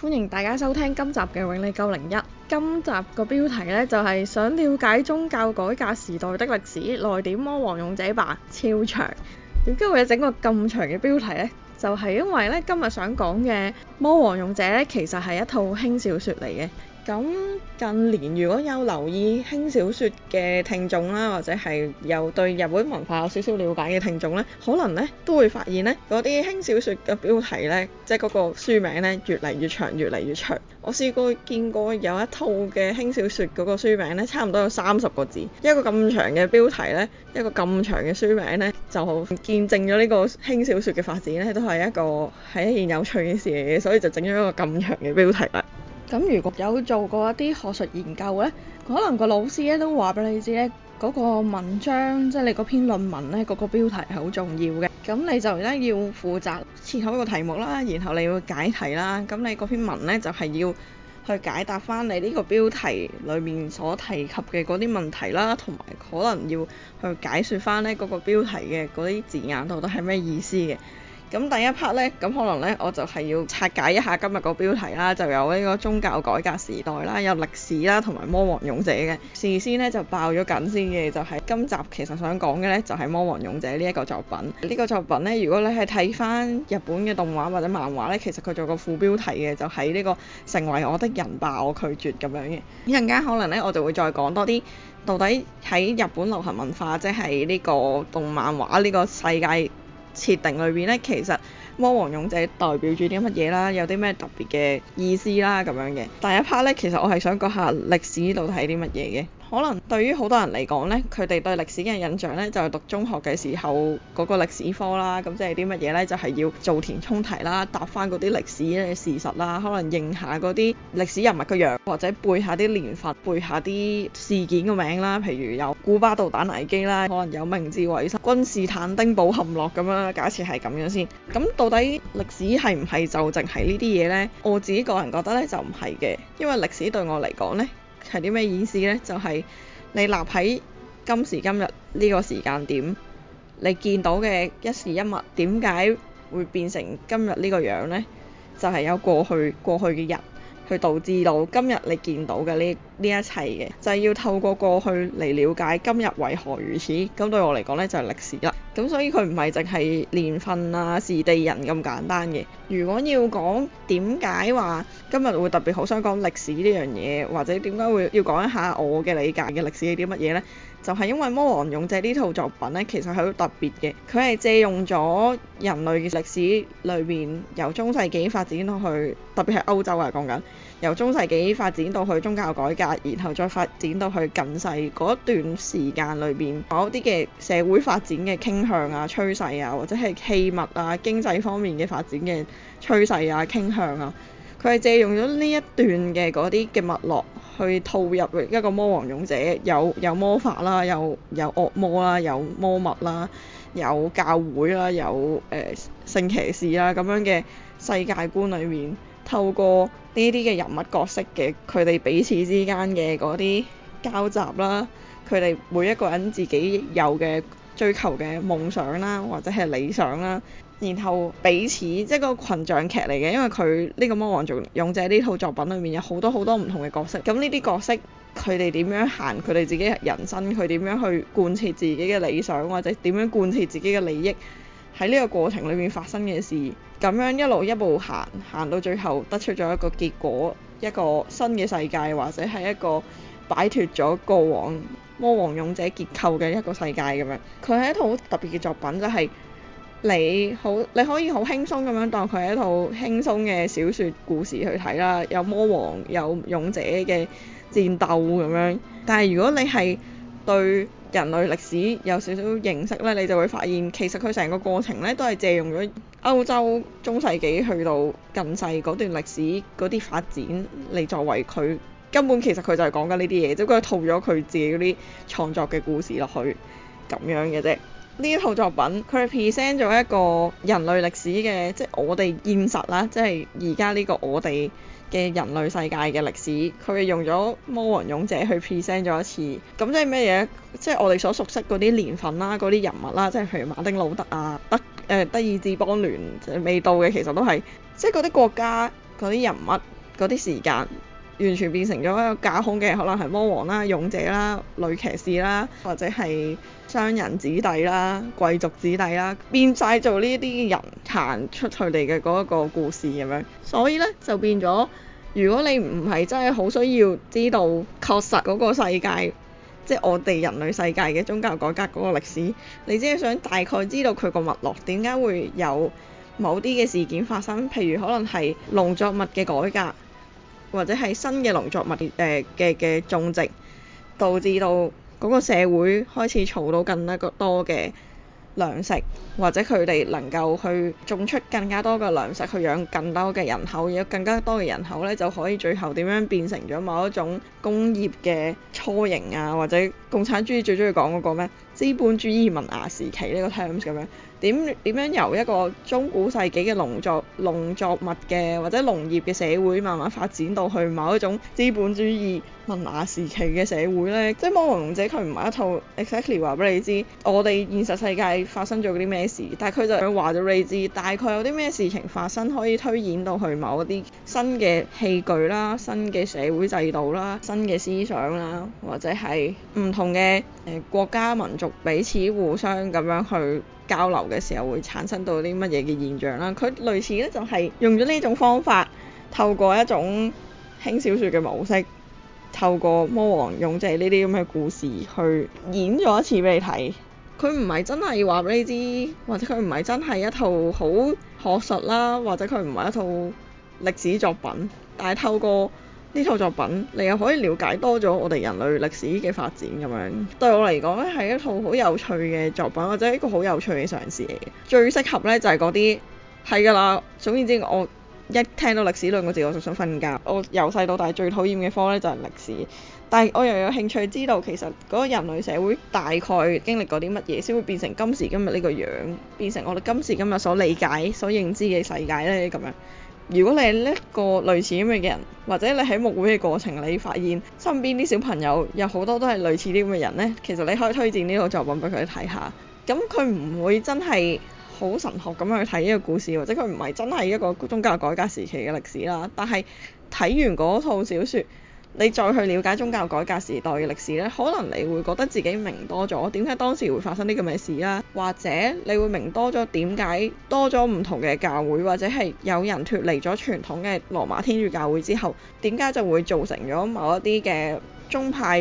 歡迎大家收聽今集嘅永利九零一。今集個標題呢，就係想了解宗教改革時代的歷史，《來點魔王勇者吧》超長。點解會有整個咁長嘅標題呢？就係因為呢，今日想講嘅《魔王勇者》呢，其實係一套輕小說嚟嘅。咁近年如果有留意輕小說嘅聽眾啦，或者係有對日本文化有少少了解嘅聽眾呢，可能呢都會發現呢嗰啲輕小說嘅標題呢，即係嗰個書名呢，越嚟越長，越嚟越長。我試過見過有一套嘅輕小說嗰個書名呢，差唔多有三十個字。一個咁長嘅標題呢，一個咁長嘅書名呢，就見證咗呢個輕小說嘅發展呢，都係一個係一件有趣嘅事嚟嘅，所以就整咗一個咁長嘅標題啦。咁如果有做過一啲學術研究呢，可能個老師咧都話俾你知呢，嗰個文章即係你嗰篇論文呢，嗰個標題係好重要嘅。咁你就咧要負責設好一個題目啦，然後你要解題啦。咁你嗰篇文呢，就係要去解答翻你呢個標題裡面所提及嘅嗰啲問題啦，同埋可能要去解說翻呢嗰個標題嘅嗰啲字眼到底係咩意思嘅。咁第一 part 咧，咁可能咧，我就係要拆解一下今日個標題啦，就有呢個宗教改革時代啦，有歷史啦，同埋、就是就是《魔王勇者》嘅。事先咧就爆咗緊先嘅，就係今集其實想講嘅咧，就係《魔王勇者》呢一個作品。呢、這個作品咧，如果你係睇翻日本嘅動畫或者漫畫咧，其實佢做個副標題嘅，就喺、是、呢、這個成為我的人吧，我拒絕咁樣嘅。一陣間可能咧，我就會再講多啲，到底喺日本流行文化即係呢個動漫畫呢、這個世界，設定裏邊呢，其實《魔王勇者》代表住啲乜嘢啦？有啲咩特別嘅意思啦？咁樣嘅第一 part 呢，其實我係想講下歷史度睇啲乜嘢嘅。可能對於好多人嚟講呢，佢哋對歷史嘅印象呢，就係讀中學嘅時候嗰個歷史科啦。咁即係啲乜嘢呢？就係要做填充題啦，答翻嗰啲歷史嘅事實啦。可能認下嗰啲歷史人物嘅樣，或者背下啲年份，背下啲事件嘅名啦。譬如有古巴導彈危機啦，可能有明治維新、君士坦丁堡陷落咁樣啦。假設係咁樣先。咁到底歷史係唔係就淨係呢啲嘢呢？我自己個人覺得呢，就唔係嘅，因為歷史對我嚟講呢。係啲咩意思咧？就係、是、你立喺今時今日呢個時間點，你見到嘅一時一物，點解會變成今日呢個樣咧？就係、是、有過去過去嘅人，去導致到今日你見到嘅呢呢一切嘅，就係要透過過去嚟了解今日為何如此。咁對我嚟講呢，就係歷史啦。咁所以佢唔係淨係年份啊、時地人咁簡單嘅。如果要講點解話今日會特別好想講歷史呢樣嘢，或者點解會要講一下我嘅理解嘅歷史係啲乜嘢呢？就係因為《魔王勇者》呢套作品呢，其實係好特別嘅。佢係借用咗人類嘅歷史裏面，由中世紀發展到去，特別係歐洲啊講緊，由中世紀發展到去宗教改革，然後再發展到去近世嗰一段時間裏邊，嗰啲嘅社會發展嘅傾向啊、趨勢啊，或者係器物啊、經濟方面嘅發展嘅趨勢啊、傾向啊，佢係借用咗呢一段嘅嗰啲嘅脈絡。去套入一個魔王勇者，有有魔法啦，有有惡魔啦，有魔物啦，有教會啦，有誒、呃、聖騎士啦咁樣嘅世界觀裏面，透過呢啲嘅人物角色嘅佢哋彼此之間嘅嗰啲交集啦，佢哋每一個人自己有嘅追求嘅夢想啦，或者係理想啦。然後彼此即係個群像劇嚟嘅，因為佢呢個《魔王勇者》呢套作品裏面有好多好多唔同嘅角色。咁呢啲角色佢哋點樣行佢哋自己人生？佢點樣去貫徹自己嘅理想，或者點樣貫徹自己嘅利益？喺呢個過程裏面發生嘅事，咁樣一路一步行，行到最後得出咗一個結果，一個新嘅世界，或者係一個擺脱咗過往魔王勇者結構嘅一個世界咁樣。佢係一套好特別嘅作品，就係。你好，你可以好輕鬆咁樣當佢係一套輕鬆嘅小説故事去睇啦，有魔王有勇者嘅戰鬥咁樣。但係如果你係對人類歷史有少少認識咧，你就會發現其實佢成個過程咧都係借用咗歐洲中世紀去到近世嗰段歷史嗰啲發展嚟作為佢。根本其實佢就係講緊呢啲嘢，只不過套咗佢自己嗰啲創作嘅故事落去咁樣嘅啫。呢一套作品佢係 present 咗一個人類歷史嘅，即係我哋現實啦，即係而家呢個我哋嘅人類世界嘅歷史。佢係用咗《魔王勇者》去 present 咗一次。咁即係咩嘢？即係我哋所熟悉嗰啲年份啦、嗰啲人物啦，即係譬如馬丁路德啊、德誒德、德意志邦聯未到嘅，其實都係即係嗰啲國家、嗰啲人物、嗰啲時間，完全變成咗一個架空嘅，可能係魔王啦、勇者啦、女騎士啦，或者係。商人子弟啦，貴族子弟啦，變曬做呢啲人行出佢哋嘅嗰個故事咁樣，所以呢，就變咗。如果你唔係真係好需要知道確實嗰個世界，即係我哋人類世界嘅宗教改革嗰個歷史，你只係想大概知道佢個脈絡，點解會有某啲嘅事件發生，譬如可能係農作物嘅改革，或者係新嘅農作物嘅嘅、呃、種植，導致到。嗰個社會開始儲到更加多嘅糧食，或者佢哋能夠去種出更加多嘅糧食去養更多嘅人口，而有更加多嘅人口咧，就可以最後點樣變成咗某一種工業嘅初型啊，或者共產主義最中意講嗰個咩資本主義萌芽時期呢個 terms 咁樣。點點樣由一個中古世紀嘅農作農作物嘅或者農業嘅社會，慢慢發展到去某一種資本主義文雅時期嘅社會呢？即係《魔王勇者》，佢唔係一套 exactly 話俾你知我哋現實世界發生咗啲咩事，但係佢就話咗你知大概有啲咩事情發生，可以推演到去某一啲新嘅器具啦、新嘅社會制度啦、新嘅思想啦，或者係唔同嘅誒、呃、國家民族彼此互相咁樣去。交流嘅時候會產生到啲乜嘢嘅現象啦？佢類似咧就係用咗呢種方法，透過一種輕小說嘅模式，透過魔王勇者呢啲咁嘅故事去演咗一次俾你睇。佢唔係真係話俾你知，或者佢唔係真係一套好學術啦，或者佢唔係一套歷史作品，但係透過呢套作品，你又可以了解多咗我哋人類歷史嘅發展咁樣。對我嚟講咧，係一套好有趣嘅作品，或者一個好有趣嘅嘗試嚟嘅。最適合咧，就係嗰啲，係噶啦。總言之，我一聽到歷史兩個字，我就想瞓覺。我由細到大最討厭嘅科咧就係、是、歷史，但係我又有興趣知道其實個人類社會大概經歷過啲乜嘢，先會變成今時今日呢個樣，變成我哋今時今日所理解、所認知嘅世界咧咁樣。如果你係一個類似咁嘅人，或者你喺木會嘅過程，你發現身邊啲小朋友有好多都係類似啲咁嘅人呢，其實你可以推薦呢套作品俾佢睇下。咁佢唔會真係好神學咁樣去睇呢個故事，或者佢唔係真係一個宗教改革時期嘅歷史啦。但係睇完嗰套小說。你再去了解宗教改革時代嘅歷史咧，可能你會覺得自己明多咗，點解當時會發生啲咁嘅事啦？或者你會明多咗點解多咗唔同嘅教會或者係有人脫離咗傳統嘅羅馬天主教會之後，點解就會造成咗某一啲嘅宗派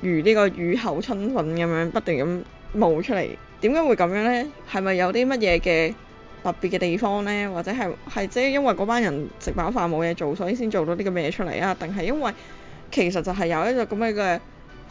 如呢個雨後春筍咁樣不斷咁冒出嚟？點解會咁樣咧？係咪有啲乜嘢嘅特別嘅地方咧？或者係係即係因為嗰班人食飽飯冇嘢做，所以先做到啲咁嘅嘢出嚟啊？定係因為。其實就係有一個咁樣嘅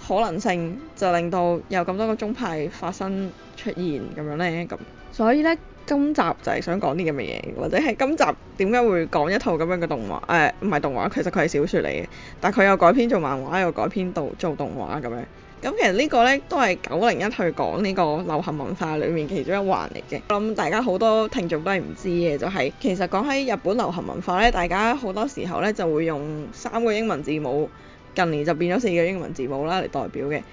可能性，就令到有咁多個宗派發生出現咁樣咧咁。所以咧，今集就係想講啲咁嘅嘢，或者係今集點解會講一套咁樣嘅動畫？誒、呃，唔係動畫，其實佢係小說嚟嘅，但佢有改編做漫畫，又改編到做動畫咁樣。咁其實呢個呢都係九零一去講呢個流行文化裡面其中一環嚟嘅。我諗大家好多聽眾都係唔知嘅，就係、是、其實講起日本流行文化呢，大家好多時候呢就會用三個英文字母，近年就變咗四個英文字母啦嚟代表嘅。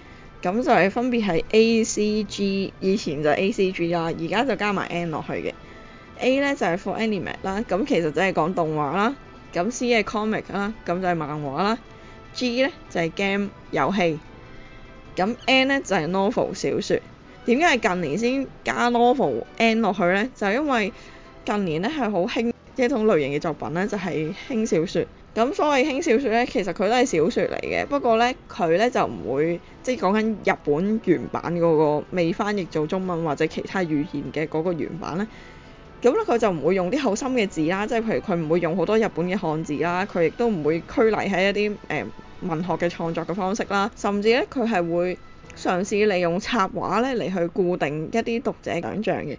咁就係分別係 A、C、G，以前就 A、C、G 啦，而家就加埋 N 落去嘅。A 呢就係 for animate 啦，咁其實即係講動畫啦。咁 C 係 comic 啦，咁就係漫畫啦。G 呢就係 game 遊戲。咁 N 咧就係 novel 小説，點解係近年先加 novel N 落去呢？就係因為近年咧係好興一種類型嘅作品咧，就係輕小說。咁所謂輕小說咧，其實佢都係小説嚟嘅，不過咧佢咧就唔會即係講緊日本原版嗰個未翻譯做中文或者其他語言嘅嗰個原版咧。咁咧佢就唔會用啲好深嘅字啦，即係譬如佢唔會用好多日本嘅漢字啦，佢亦都唔會拘泥喺一啲誒。嗯文學嘅創作嘅方式啦，甚至咧佢係會嘗試利用插畫咧嚟去固定一啲讀者想象嘅。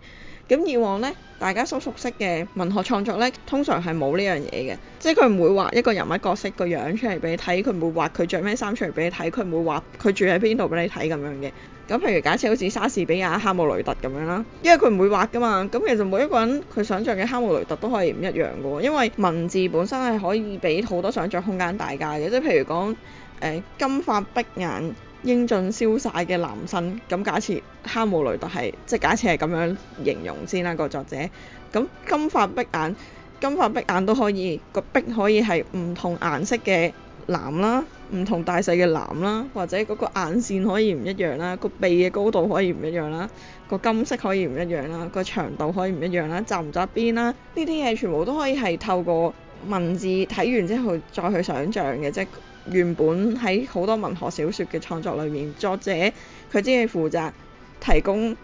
咁以往呢，大家所熟悉嘅文學創作呢，通常係冇呢樣嘢嘅，即係佢唔會畫一個人物角色個樣出嚟俾你睇，佢唔會畫佢著咩衫出嚟俾你睇，佢唔會畫佢住喺邊度俾你睇咁樣嘅。咁譬如假設好似莎士比亞《哈姆雷特》咁樣啦，因為佢唔會畫㗎嘛。咁其實每一個人佢想像嘅《哈姆雷特》都可以唔一樣嘅喎，因為文字本身係可以俾好多想像空間大家嘅，即係譬如講，呃，金髮碧眼。英俊瀟灑嘅男生，咁假設哈姆雷特係，即係假設係咁樣形容先啦，個作者。咁金髮碧眼，金髮碧眼都可以個碧可以係唔同顏色嘅藍啦，唔同大細嘅藍啦，或者嗰個眼線可以唔一樣啦，個鼻嘅高度可以唔一樣啦，個金色可以唔一樣啦，個長度可以唔一樣啦，側唔側邊啦，呢啲嘢全部都可以係透過文字睇完之後再去想像嘅，即原本喺好多文學小説嘅創作裏面，作者佢只係負責提供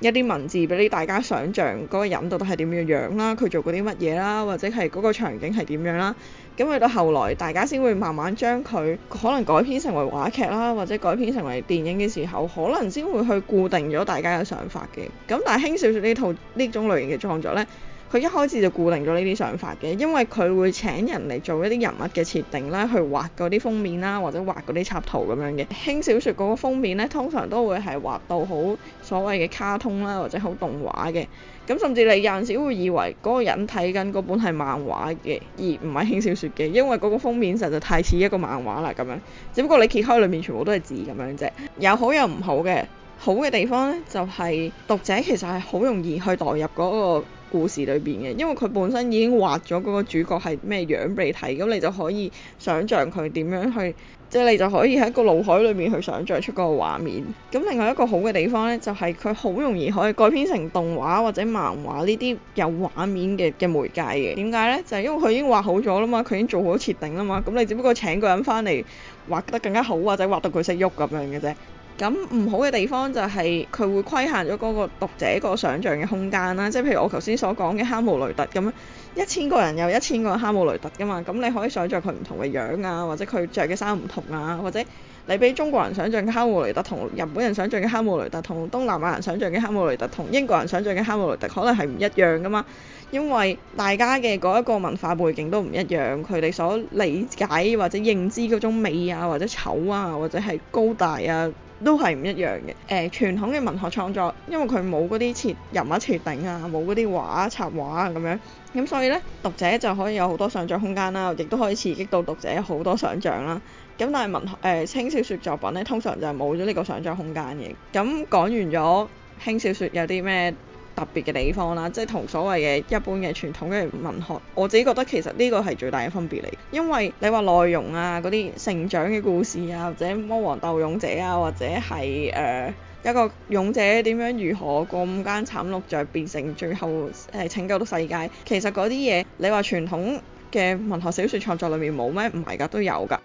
一啲文字俾啲大家想像嗰個人到底係點樣樣啦，佢做過啲乜嘢啦，或者係嗰個場景係點樣啦。咁去到後來，大家先會慢慢將佢可能改編成為話劇啦，或者改編成為電影嘅時候，可能先會去固定咗大家嘅想法嘅。咁但係輕小說呢套呢種類型嘅創作呢。佢一開始就固定咗呢啲想法嘅，因為佢會請人嚟做一啲人物嘅設定啦，去畫嗰啲封面啦，或者畫嗰啲插圖咁樣嘅。輕小說嗰個封面咧，通常都會係畫到好所謂嘅卡通啦，或者好動畫嘅。咁甚至你有陣時會以為嗰個人睇緊嗰本係漫畫嘅，而唔係輕小說嘅，因為嗰個封面實在太似一個漫畫啦咁樣。只不過你揭開裡面全部都係字咁樣啫。有好有唔好嘅，好嘅地方咧就係、是、讀者其實係好容易去代入嗰、那個。故事裏邊嘅，因為佢本身已經畫咗嗰個主角係咩樣俾你睇，咁你就可以想像佢點樣去，即係你就可以喺個腦海裏面去想像出嗰個畫面。咁另外一個好嘅地方呢，就係佢好容易可以改編成動畫或者漫畫呢啲有畫面嘅嘅媒介嘅。點解呢？就係因為佢已經畫好咗啦嘛，佢已經做好設定啦嘛，咁你只不過請個人翻嚟畫得更加好或者畫到佢識喐咁樣嘅啫。咁唔好嘅地方就係佢會規限咗嗰個讀者個想像嘅空間啦，即係譬如我頭先所講嘅《哈姆雷特》咁，一千個人有一千個《哈姆雷特》噶嘛，咁你可以想像佢唔同嘅樣啊，或者佢着嘅衫唔同啊，或者你俾中國人想像嘅《哈姆雷特》同日本人想像嘅《哈姆雷特》同東南亞人想像嘅《哈姆雷特》同英國人想像嘅《哈姆雷特》可能係唔一樣噶嘛，因為大家嘅嗰一個文化背景都唔一樣，佢哋所理解或者認知嗰種美啊，或者醜啊，或者係高大啊，都係唔一樣嘅。誒、呃、傳統嘅文學創作，因為佢冇嗰啲設人物設定啊，冇嗰啲畫插畫啊咁樣，咁所以呢，讀者就可以有好多想像空間啦，亦都可以刺激到讀者好多想像啦。咁但係文學誒、呃、輕小說作品呢，通常就係冇咗呢個想像空間嘅。咁講完咗，輕小說有啲咩？特別嘅地方啦，即係同所謂嘅一般嘅傳統嘅文學，我自己覺得其實呢個係最大嘅分別嚟。因為你話內容啊，嗰啲成長嘅故事啊，或者魔王鬥勇者啊，或者係誒、呃、一個勇者點樣如何過五關、斬六將，變成最後誒、呃、拯救到世界，其實嗰啲嘢你話傳統嘅文學小說創作裡面冇咩？唔係㗎，都有㗎。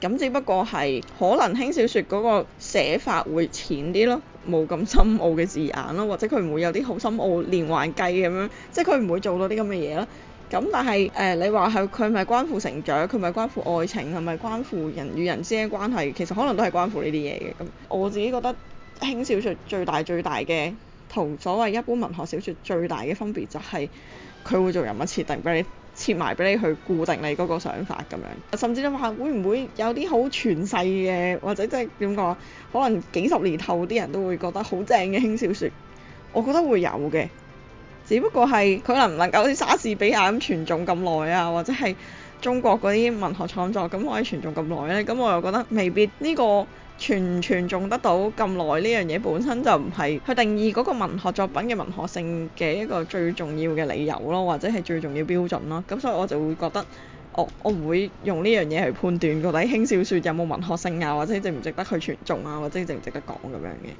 咁只不過係可能輕小說嗰個寫法會淺啲咯。冇咁深奧嘅字眼咯，或者佢唔會有啲好深奧連環計咁樣，即係佢唔會做到啲咁嘅嘢咯。咁但係誒、呃，你話係佢咪關乎成長，佢咪關乎愛情，係咪關乎人與人之間關係？其實可能都係關乎呢啲嘢嘅。咁我自己覺得輕小說最大最大嘅，同所謂一般文學小説最大嘅分別就係、是、佢會做人物設定俾你。切埋俾你去固定你嗰個想法咁樣，甚至你話會唔會有啲好傳世嘅，或者即係點講，可能幾十年後啲人都會覺得好正嘅輕小說，我覺得會有嘅，只不過係佢能唔能夠好似莎士比亞咁傳頌咁耐啊，或者係？中國嗰啲文學創作咁我可以存續咁耐咧，咁我又覺得未必呢個存存續得到咁耐呢樣嘢，本身就唔係佢定義嗰個文學作品嘅文學性嘅一個最重要嘅理由咯，或者係最重要標準咯。咁所以我就會覺得我我唔會用呢樣嘢去判斷到底輕小說有冇文學性啊，或者值唔值得去存續啊，或者值唔值得講咁樣嘅。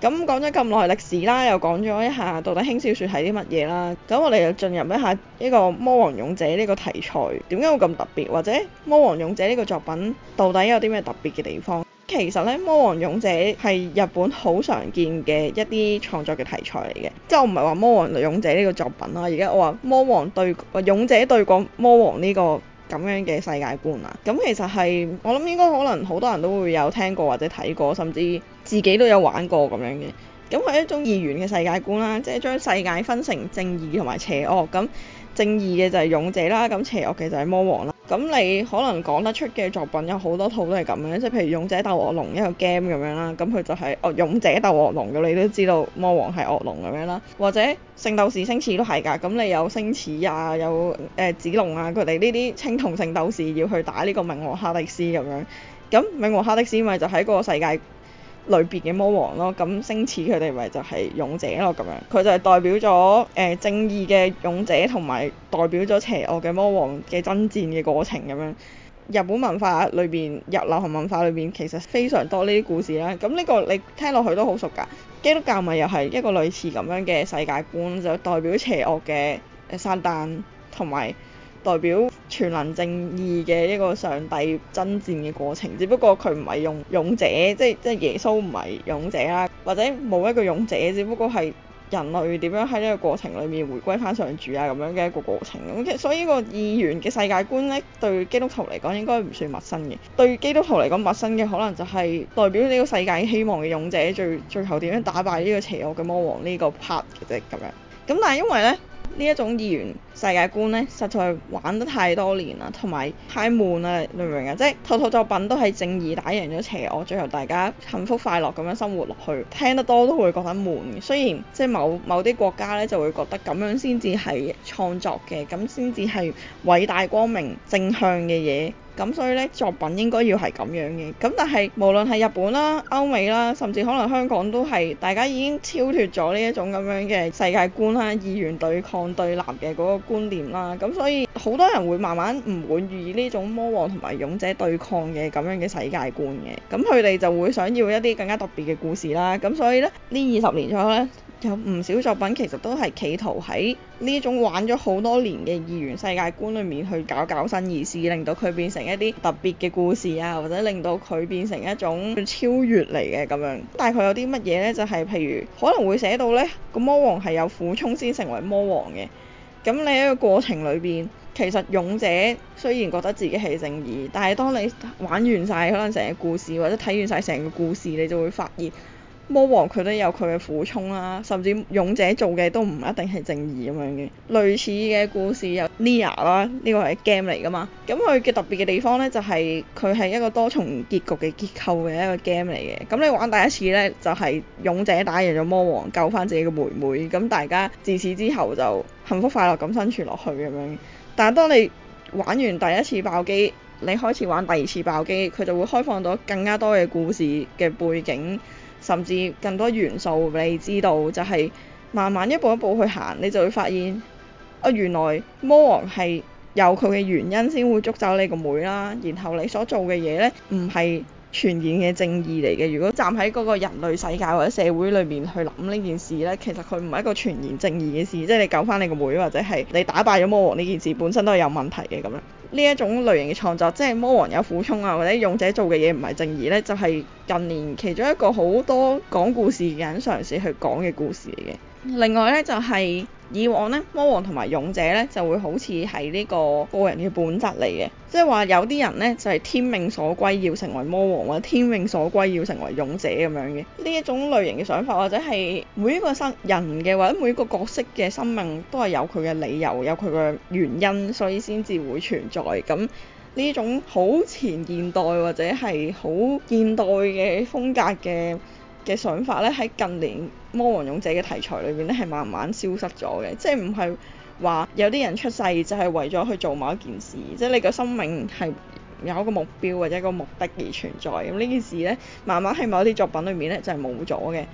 咁講咗咁耐歷史啦，又講咗一下到底輕小說係啲乜嘢啦。咁我哋就進入一下呢個魔王勇者呢個題材。點解會咁特別？或者魔王勇者呢個作品到底有啲咩特別嘅地方？其實呢，魔王勇者係日本好常見嘅一啲創作嘅題材嚟嘅。即係我唔係話魔王勇者呢個作品啦，而家我話魔王對，話勇者對過魔王呢個咁樣嘅世界觀啊。咁其實係我諗應該可能好多人都會有聽過或者睇過，甚至，自己都有玩過咁樣嘅，咁係一種二元嘅世界觀啦，即係將世界分成正義同埋邪惡。咁正義嘅就係勇者啦，咁邪惡嘅就係魔王啦。咁你可能講得出嘅作品有好多套都係咁樣，即係譬如《勇者鬥惡龍》一個 game 咁樣啦，咁佢就係哦《勇者鬥惡龍》嘅，你都知道魔王係惡龍咁樣啦。或者《聖鬥士星矢》都係㗎，咁你有星矢啊，有誒紫龍啊，佢哋呢啲青銅聖鬥士要去打呢個冥王哈迪斯咁樣。咁冥王哈迪斯咪就喺個世界裏邊嘅魔王咯，咁星矢佢哋咪就係勇者咯，咁樣佢就係代表咗誒、呃、正義嘅勇者同埋代表咗邪惡嘅魔王嘅爭戰嘅過程咁樣。日本文化裏邊，日流行文化裏邊其實非常多呢啲故事啦。咁呢個你聽落去都好熟噶。基督教咪又係一個類似咁樣嘅世界觀，就代表邪惡嘅誒撒旦同埋。代表全能正義嘅一個上帝爭戰嘅過程，只不過佢唔係用勇者，即係即係耶穌唔係勇者啦，或者冇一個勇者，只不過係人類點樣喺呢個過程裏面回歸翻上主啊咁樣嘅一個過程咁，所以呢個二元嘅世界觀咧，對基督徒嚟講應該唔算陌生嘅。對基督徒嚟講陌生嘅，可能就係代表呢個世界希望嘅勇者最最後點樣打敗呢個邪惡嘅魔王呢個 part 嘅啫咁樣。咁但係因為咧。呢一種二元世界觀呢，實在玩得太多年啦，同埋太悶啦，你明唔明啊？即係套套作品都係正義打贏咗邪惡，最後大家幸福快樂咁樣生活落去，聽得多都會覺得悶嘅。雖然即係某某啲國家呢，就會覺得咁樣先至係創作嘅，咁先至係偉大光明正向嘅嘢。咁所以咧作品應該要係咁樣嘅，咁但係無論係日本啦、歐美啦，甚至可能香港都係大家已經超脱咗呢一種咁樣嘅世界觀啦、二元對抗對立嘅嗰個觀念啦，咁所以好多人會慢慢唔滿意呢種魔王同埋勇者對抗嘅咁樣嘅世界觀嘅，咁佢哋就會想要一啲更加特別嘅故事啦，咁所以咧呢二十年左右咧。有唔少作品其實都係企圖喺呢種玩咗好多年嘅二元世界觀裏面去搞搞新意思，令到佢變成一啲特別嘅故事啊，或者令到佢變成一種超越嚟嘅咁樣。大概有啲乜嘢呢？就係譬如可能會寫到呢個魔王係有苦衷先成為魔王嘅。咁你喺個過程裏邊，其實勇者雖然覺得自己係正義，但係當你玩完晒可能成個故事，或者睇完晒成個故事，你就會發現。魔王佢都有佢嘅苦衷啦，甚至勇者做嘅都唔一定係正義咁樣嘅。類似嘅故事有 NieR 啦，呢個係 game 嚟噶嘛。咁佢嘅特別嘅地方咧，就係佢係一個多重結局嘅結構嘅一個 game 嚟嘅。咁你玩第一次咧，就係勇者打贏咗魔王，救翻自己嘅妹妹，咁大家自此之後就幸福快樂咁生存落去咁樣。但係當你玩完第一次爆機，你開始玩第二次爆機，佢就會開放到更加多嘅故事嘅背景。甚至更多元素，你知道就係慢慢一步一步去行，你就會發現啊，原來魔王係有佢嘅原因先會捉走你個妹啦。然後你所做嘅嘢咧，唔係全然嘅正義嚟嘅。如果站喺嗰個人類世界或者社會裏面去諗呢件事咧，其實佢唔係一個全然正義嘅事。即係你救翻你個妹或者係你打敗咗魔王呢件事，本身都係有問題嘅咁樣。呢一種類型嘅創作，即係魔王有苦衷啊，或者勇者做嘅嘢唔係正義咧，就係、是、近年其中一個好多講故事嘅人嘗試去講嘅故事嚟嘅。另外咧就係、是。以往呢魔王同埋勇者呢就會好似係呢個個人嘅本質嚟嘅，即係話有啲人呢就係天命所歸要成為魔王或者天命所歸要成為勇者咁樣嘅呢一種類型嘅想法，或者係每一個生人嘅或者每一個角色嘅生命都係有佢嘅理由有佢嘅原因，所以先至會存在咁呢種好前現代或者係好現代嘅風格嘅嘅想法呢喺近年魔王勇者嘅題材裏面咧，係慢慢消失咗嘅，即係唔係話有啲人出世就係為咗去做某一件事，即係你個生命係有一個目標或者一個目的而存在。咁呢件事咧，慢慢喺某啲作品裏面咧就係冇咗嘅。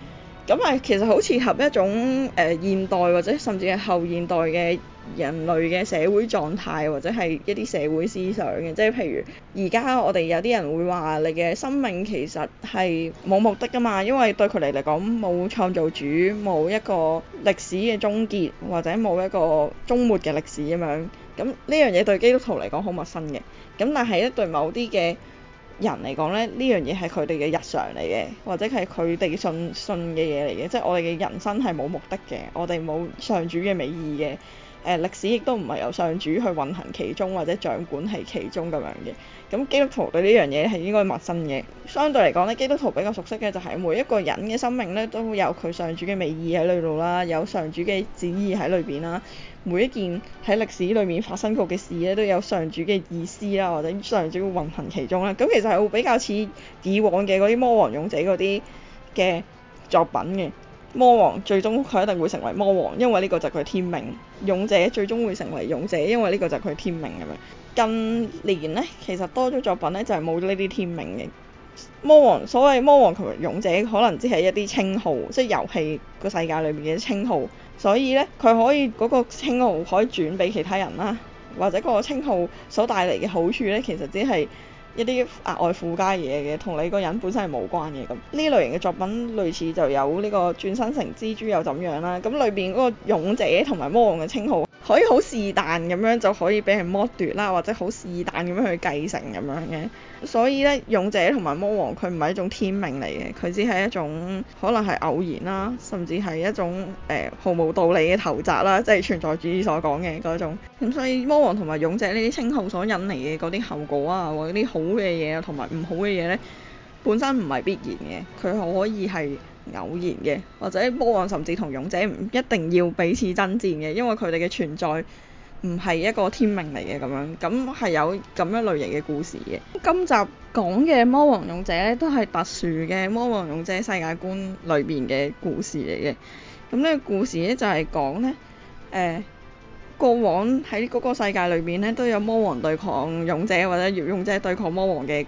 咁啊，其實好適合一種誒現代或者甚至係後現代嘅，人類嘅社會狀態或者係一啲社會思想嘅，即係譬如而家我哋有啲人會話：你嘅生命其實係冇目的㗎嘛，因為對佢哋嚟講冇創造主、冇一個歷史嘅終結或者冇一個終末嘅歷史咁樣。咁呢樣嘢對基督徒嚟講好陌生嘅。咁但係咧對某啲嘅人嚟講咧，呢樣嘢係佢哋嘅日常嚟嘅，或者係佢哋信信嘅嘢嚟嘅。即係我哋嘅人生係冇目的嘅，我哋冇上主嘅美意嘅。誒歷史亦都唔係由上主去運行其中或者掌管係其中咁樣嘅，咁基督徒對呢樣嘢係應該陌生嘅。相對嚟講咧，基督徒比較熟悉嘅就係每一個人嘅生命咧都有佢上主嘅美意喺裏度啦，有上主嘅旨意喺裏邊啦。每一件喺歷史裏面發生過嘅事咧都有上主嘅意思啦，或者上主會運行其中啦。咁其實係會比較似以往嘅嗰啲魔王勇者嗰啲嘅作品嘅。魔王最終佢一定會成為魔王，因為呢個就係佢天命。勇者最終會成為勇者，因為呢個就係佢天命咁樣。近年咧，其實多咗作品咧就係冇呢啲天命嘅。魔王所謂魔王同勇者可能只係一啲稱號，即係遊戲個世界裏面嘅稱號。所以咧，佢可以嗰個稱號可以轉俾其他人啦，或者個稱號所帶嚟嘅好處咧，其實只係。一啲額外附加嘢嘅，同你個人本身係冇關嘅咁。呢類型嘅作品，類似就有呢個轉身成蜘蛛又怎樣啦。咁裏邊嗰個勇者同埋魔王嘅稱號，可以好是但咁樣就可以俾人剝奪啦，或者好是但咁樣去繼承咁樣嘅。所以咧，勇者同埋魔王，佢唔係一種天命嚟嘅，佢只係一種可能係偶然啦，甚至係一種誒、呃、毫無道理嘅投擲啦，即係存在主義所講嘅嗰種。咁所以魔王同埋勇者呢啲稱號所引嚟嘅嗰啲後果啊，或者啲好嘅嘢啊，同埋唔好嘅嘢咧，本身唔係必然嘅，佢可以係偶然嘅，或者魔王甚至同勇者唔一定要彼此爭戰嘅，因為佢哋嘅存在。唔係一個天命嚟嘅咁樣，咁係有咁樣類型嘅故事嘅。今集講嘅魔王勇者咧，都係特殊嘅魔王勇者世界觀裏邊嘅故事嚟嘅。咁呢個故事咧就係講咧，誒、呃、過往喺嗰個世界裏邊咧都有魔王對抗勇者，或者勇者對抗魔王嘅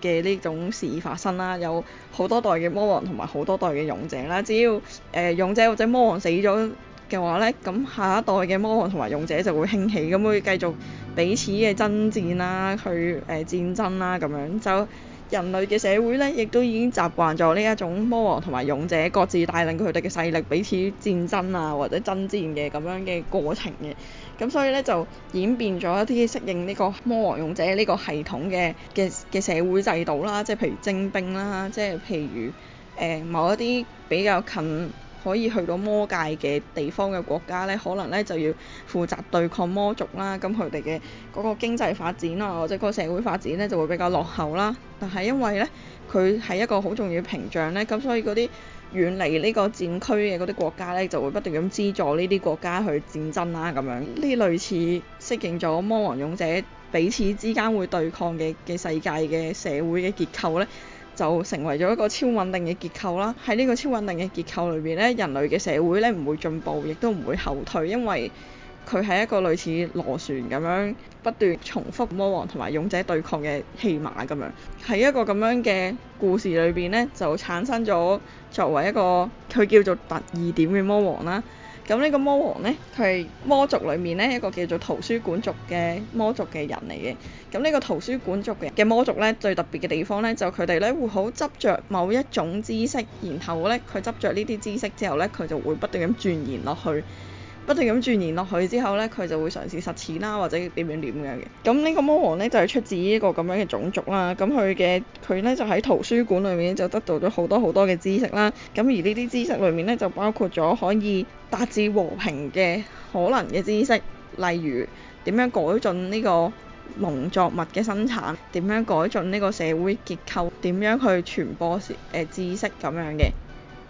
嘅呢種事發生啦。有好多代嘅魔王同埋好多代嘅勇者啦。只要誒、呃、勇者或者魔王死咗。嘅話咧，咁下一代嘅魔王同埋勇者就會興起，咁會繼續彼此嘅爭戰啦、啊，去誒、呃、戰爭啦、啊、咁樣。就人類嘅社會咧，亦都已經習慣咗呢一種魔王同埋勇者各自帶領佢哋嘅勢力彼此戰爭啊，或者爭戰嘅咁樣嘅過程嘅。咁所以咧就演變咗一啲適應呢個魔王勇者呢個系統嘅嘅嘅社會制度啦，即係譬如徵兵啦，即係譬如誒、呃、某一啲比較近。可以去到魔界嘅地方嘅國家咧，可能咧就要負責對抗魔族啦。咁佢哋嘅嗰個經濟發展啊，或者個社會發展咧就會比較落後啦。但係因為咧佢係一個好重要嘅屏障咧，咁所以嗰啲遠離呢個戰區嘅嗰啲國家咧就會不斷咁資助呢啲國家去戰爭啦。咁樣呢類似適應咗魔王勇者彼此之間會對抗嘅嘅世界嘅社會嘅結構咧就成為咗一個超穩定嘅結構啦。喺呢個超穩定嘅結構裏邊咧，人類嘅社會咧唔會進步，亦都唔會後退，因為佢係一個類似螺旋咁樣不斷重複魔王同埋勇者對抗嘅戲碼咁樣。喺一個咁樣嘅故事裏邊咧，就產生咗作為一個佢叫做特異點嘅魔王啦。咁呢個魔王呢，佢係魔族裏面呢一個叫做圖書館族嘅魔族嘅人嚟嘅。咁、這、呢個圖書館族嘅嘅魔族呢，最特別嘅地方呢，就佢哋呢會好執着某一種知識，然後呢，佢執着呢啲知識之後呢，佢就會不斷咁鑽研落去。不斷咁鑽研落去之後呢，佢就會嘗試實踐啦，或者點樣點樣嘅。咁呢個魔王呢，就係出自呢個咁樣嘅種族啦。咁佢嘅佢呢就喺圖書館裏面就得到咗好多好多嘅知識啦。咁而呢啲知識裏面呢，就包括咗可以達至和平嘅可能嘅知識，例如點樣改進呢個農作物嘅生產，點樣改進呢個社會結構，點樣去傳播誒知識咁樣嘅。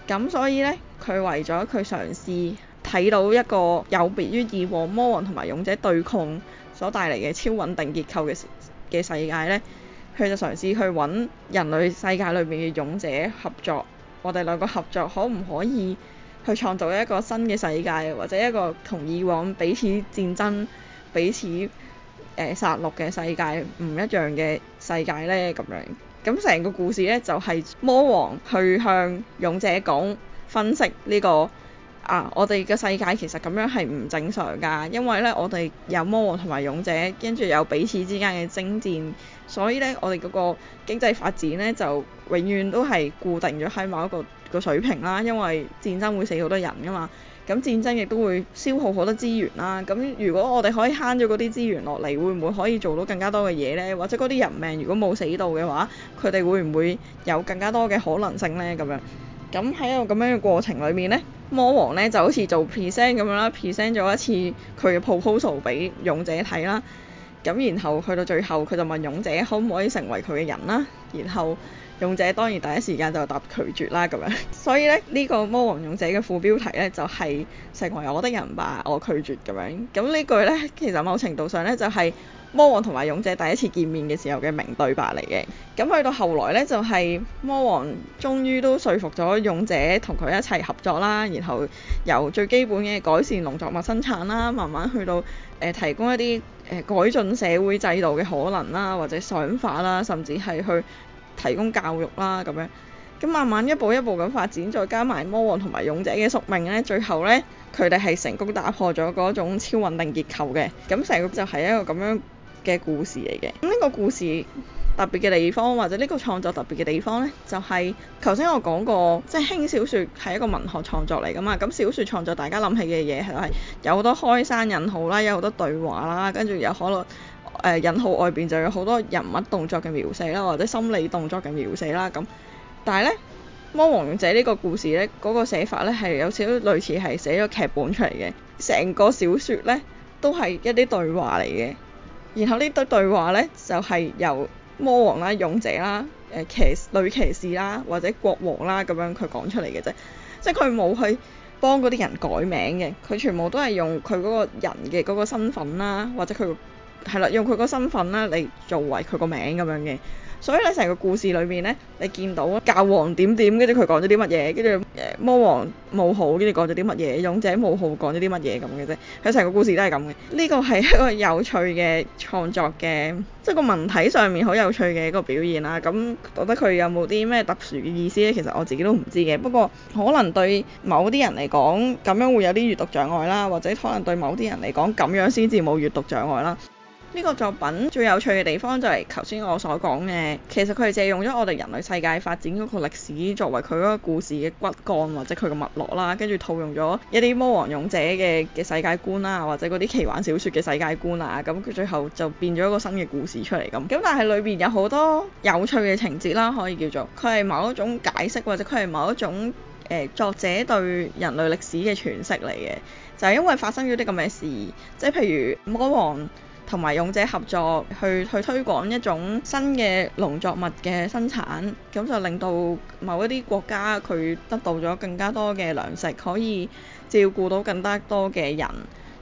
咁所以呢，佢為咗佢嘗試。睇到一個有別於以往魔王同埋勇者對抗所帶嚟嘅超穩定結構嘅嘅世界呢，佢就嘗試去揾人類世界裏面嘅勇者合作，我哋兩個合作可唔可以去創造一個新嘅世界，或者一個同以往彼此戰爭、彼此誒殺戮嘅世界唔一樣嘅世界呢？咁樣咁成個故事呢，就係魔王去向勇者講分析呢個。啊！我哋嘅世界其實咁樣係唔正常㗎，因為咧我哋有魔王同埋勇者，跟住有彼此之間嘅征戰，所以咧我哋嗰個經濟發展咧就永遠都係固定咗喺某一個個水平啦。因為戰爭會死好多人㗎嘛，咁戰爭亦都會消耗好多資源啦。咁如果我哋可以慳咗嗰啲資源落嚟，會唔會可以做到更加多嘅嘢咧？或者嗰啲人命如果冇死到嘅話，佢哋會唔會有更加多嘅可能性咧？咁樣咁喺一個咁樣嘅過程裏面咧。魔王咧就好似做 present 咁樣啦，present 咗一次佢嘅 proposal 俾勇者睇啦，咁然後去到最後，佢就問勇者可唔可以成為佢嘅人啦，然後。勇者當然第一時間就答拒絕啦咁樣， 所以咧呢、呢個魔王勇者嘅副標題咧就係、係、成為我的人吧，我拒絕咁樣。咁呢句咧其實某程度上咧就係、係、魔王同埋勇者第一次見面嘅時候嘅名對白嚟嘅。咁去到後來咧就係、係、魔王終於都說服咗勇者同佢一齊合作啦，然後由最基本嘅改善農作物生產啦，慢慢去到誒、呃、提供一啲誒改進社會制度嘅可能啦，或者想法啦，甚至係去。提供教育啦咁樣，咁慢慢一步一步咁發展，再加埋魔王同埋勇者嘅宿命咧，最後咧佢哋係成功打破咗嗰種超穩定結構嘅，咁成個就係一個咁樣嘅故事嚟嘅。咁呢個故事特別嘅地方，或者呢個創作特別嘅地方咧，就係頭先我講過，即係輕小說係一個文學創作嚟噶嘛。咁小說創作大家諗起嘅嘢係有好多開山引號啦，有好多對話啦，跟住有可能。誒引、呃、號外邊就有好多人物動作嘅描寫啦，或者心理動作嘅描寫啦咁。但係咧，《魔王勇者》呢、呢個故事咧，嗰、嗰個寫法咧係有少少類似係寫咗劇本出嚟嘅。成個小説咧都係一啲對話嚟嘅。然後呢堆對話咧就係、係、由魔王啦、勇者啦、誒、呃、騎女騎士啦或者國王啦咁樣佢講出嚟嘅啫。即係佢冇去幫嗰啲人改名嘅，佢全部都係用佢嗰個人嘅嗰個身份啦，或者佢。係啦，用佢個身份啦嚟作為佢個名咁樣嘅，所以咧成個故事裏面咧，你見到教皇點點，跟住佢講咗啲乜嘢，跟住魔王冒號，跟住講咗啲乜嘢，勇者冒號講咗啲乜嘢咁嘅啫。佢成個故事都係咁嘅。呢個係一個有趣嘅創作嘅，即係個文體上面好有趣嘅一個表現啦。咁覺得佢有冇啲咩特殊嘅意思咧？其實我自己都唔知嘅。不過可能對某啲人嚟講，咁樣會有啲閱讀障礙啦，或者可能對某啲人嚟講，咁樣先至冇閱讀障礙啦。呢個作品最有趣嘅地方就係頭先我所講嘅，其實佢係借用咗我哋人類世界發展嗰個歷史作為佢嗰個故事嘅骨幹或者佢嘅脈絡啦，跟住套用咗一啲魔王勇者嘅嘅世界觀啦，或者嗰啲奇幻小説嘅世界觀啊，咁佢最後就變咗一個新嘅故事出嚟咁。咁但係裏邊有好多有趣嘅情節啦，可以叫做佢係某一種解釋，或者佢係某一種誒、呃、作者對人類歷史嘅詮釋嚟嘅。就係、是、因為發生咗啲咁嘅事，即係譬如魔王。同埋勇者合作，去去推廣一種新嘅農作物嘅生產，咁就令到某一啲國家佢得到咗更加多嘅糧食，可以照顧到更加多嘅人，